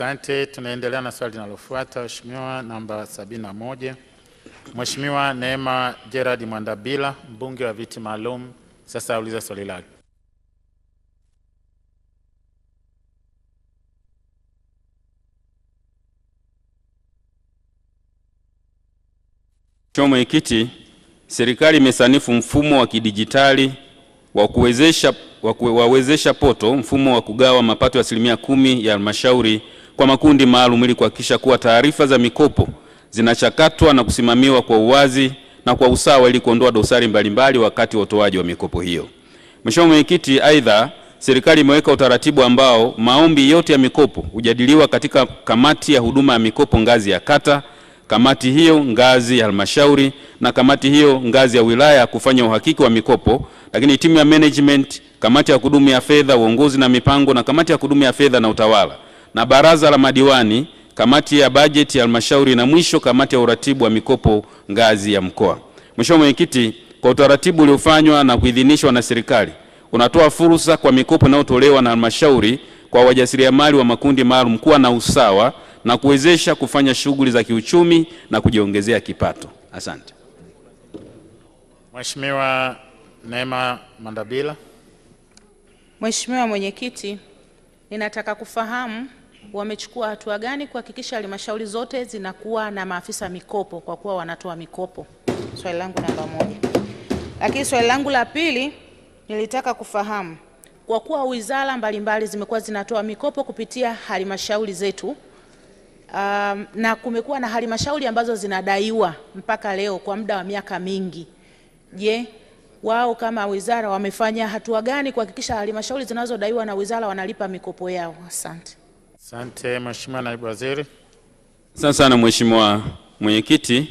Asante, tunaendelea na swali linalofuata, Mheshimiwa namba 71. Mheshimiwa Neema Gerard Mwandabila, mbunge wa viti maalum, sasa auliza swali lake. Mheshimiwa Mwenyekiti, serikali imesanifu mfumo wa kidijitali wa kuwezesha, wa kuwezesha poto, mfumo wa kugawa mapato ya asilimia kumi ya halmashauri kwa makundi maalum ili kuhakikisha kuwa taarifa za mikopo zinachakatwa na kusimamiwa kwa uwazi na kwa usawa ili kuondoa dosari mbalimbali wakati wa utoaji wa mikopo hiyo. Mheshimiwa Mwenyekiti, aidha serikali imeweka utaratibu ambao maombi yote ya mikopo hujadiliwa katika kamati ya huduma ya mikopo ngazi ya kata, kamati hiyo ngazi ya halmashauri na kamati hiyo ngazi ya wilaya kufanya uhakiki wa mikopo, lakini timu ya management, kamati ya kudumu ya fedha, uongozi na mipango na kamati ya kudumu ya fedha na utawala na baraza la madiwani, kamati ya bajeti ya halmashauri na mwisho kamati ya uratibu wa mikopo ngazi ya mkoa. Mheshimiwa Mwenyekiti, kwa utaratibu uliofanywa na kuidhinishwa na serikali unatoa fursa kwa mikopo inayotolewa na halmashauri kwa wajasiriamali wa makundi maalum kuwa na usawa na kuwezesha kufanya shughuli za kiuchumi na kujiongezea kipato. Asante. Mheshimiwa Neema Mandabila. Mheshimiwa Mwenyekiti, ninataka kufahamu wamechukua hatua gani kuhakikisha halmashauri zote zinakuwa na maafisa mikopo kwa kuwa wanatoa mikopo? Swali langu namba moja. Lakini swali langu la pili nilitaka kufahamu kwa kuwa wizara mbalimbali zimekuwa zinatoa mikopo kupitia halmashauri zetu um, na kumekuwa na halmashauri ambazo zinadaiwa mpaka leo kwa muda wa miaka mingi. Je, wao kama wizara wamefanya hatua gani kuhakikisha halmashauri zinazodaiwa na wizara wanalipa mikopo yao? Asante. Asante Mheshimiwa Naibu Waziri. Asante sana Mheshimiwa Mwenyekiti.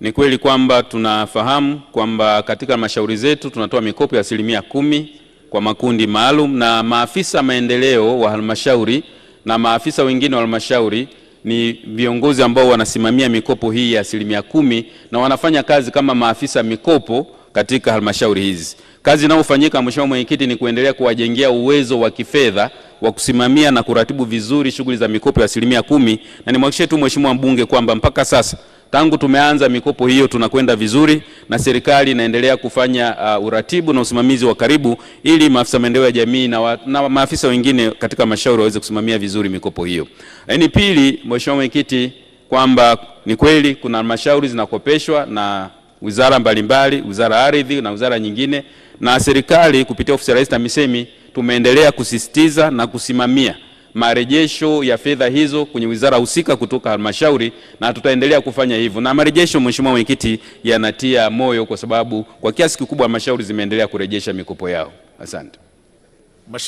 Ni kweli kwamba tunafahamu kwamba katika halmashauri zetu tunatoa mikopo ya asilimia kumi kwa makundi maalum, na maafisa maendeleo wa halmashauri na maafisa wengine wa halmashauri ni viongozi ambao wanasimamia mikopo hii ya asilimia kumi na wanafanya kazi kama maafisa mikopo katika halmashauri hizi. Kazi inayofanyika Mheshimiwa Mwenyekiti, ni kuendelea kuwajengea uwezo wa kifedha wa kusimamia na kuratibu vizuri shughuli za mikopo ya asilimia kumi, na nimwakishie tu Mheshimiwa mbunge kwamba mpaka sasa tangu tumeanza mikopo hiyo tunakwenda vizuri, na serikali inaendelea kufanya uh, uratibu na usimamizi wa karibu ili maafisa maendeleo ya jamii na, wa, na maafisa wengine katika mashauri waweze kusimamia vizuri mikopo hiyo. Lakini pili, Mheshimiwa Mwenyekiti, kwamba ni kweli kuna halmashauri zinakopeshwa na wizara mbalimbali, wizara ya ardhi na wizara nyingine, na serikali kupitia ofisi ya Rais TAMISEMI tumeendelea kusisitiza na kusimamia marejesho ya fedha hizo kwenye wizara husika kutoka halmashauri, na tutaendelea kufanya hivyo. Na marejesho, Mheshimiwa Mwenyekiti, yanatia moyo, kwa sababu kwa kiasi kikubwa halmashauri zimeendelea kurejesha mikopo yao. Asante.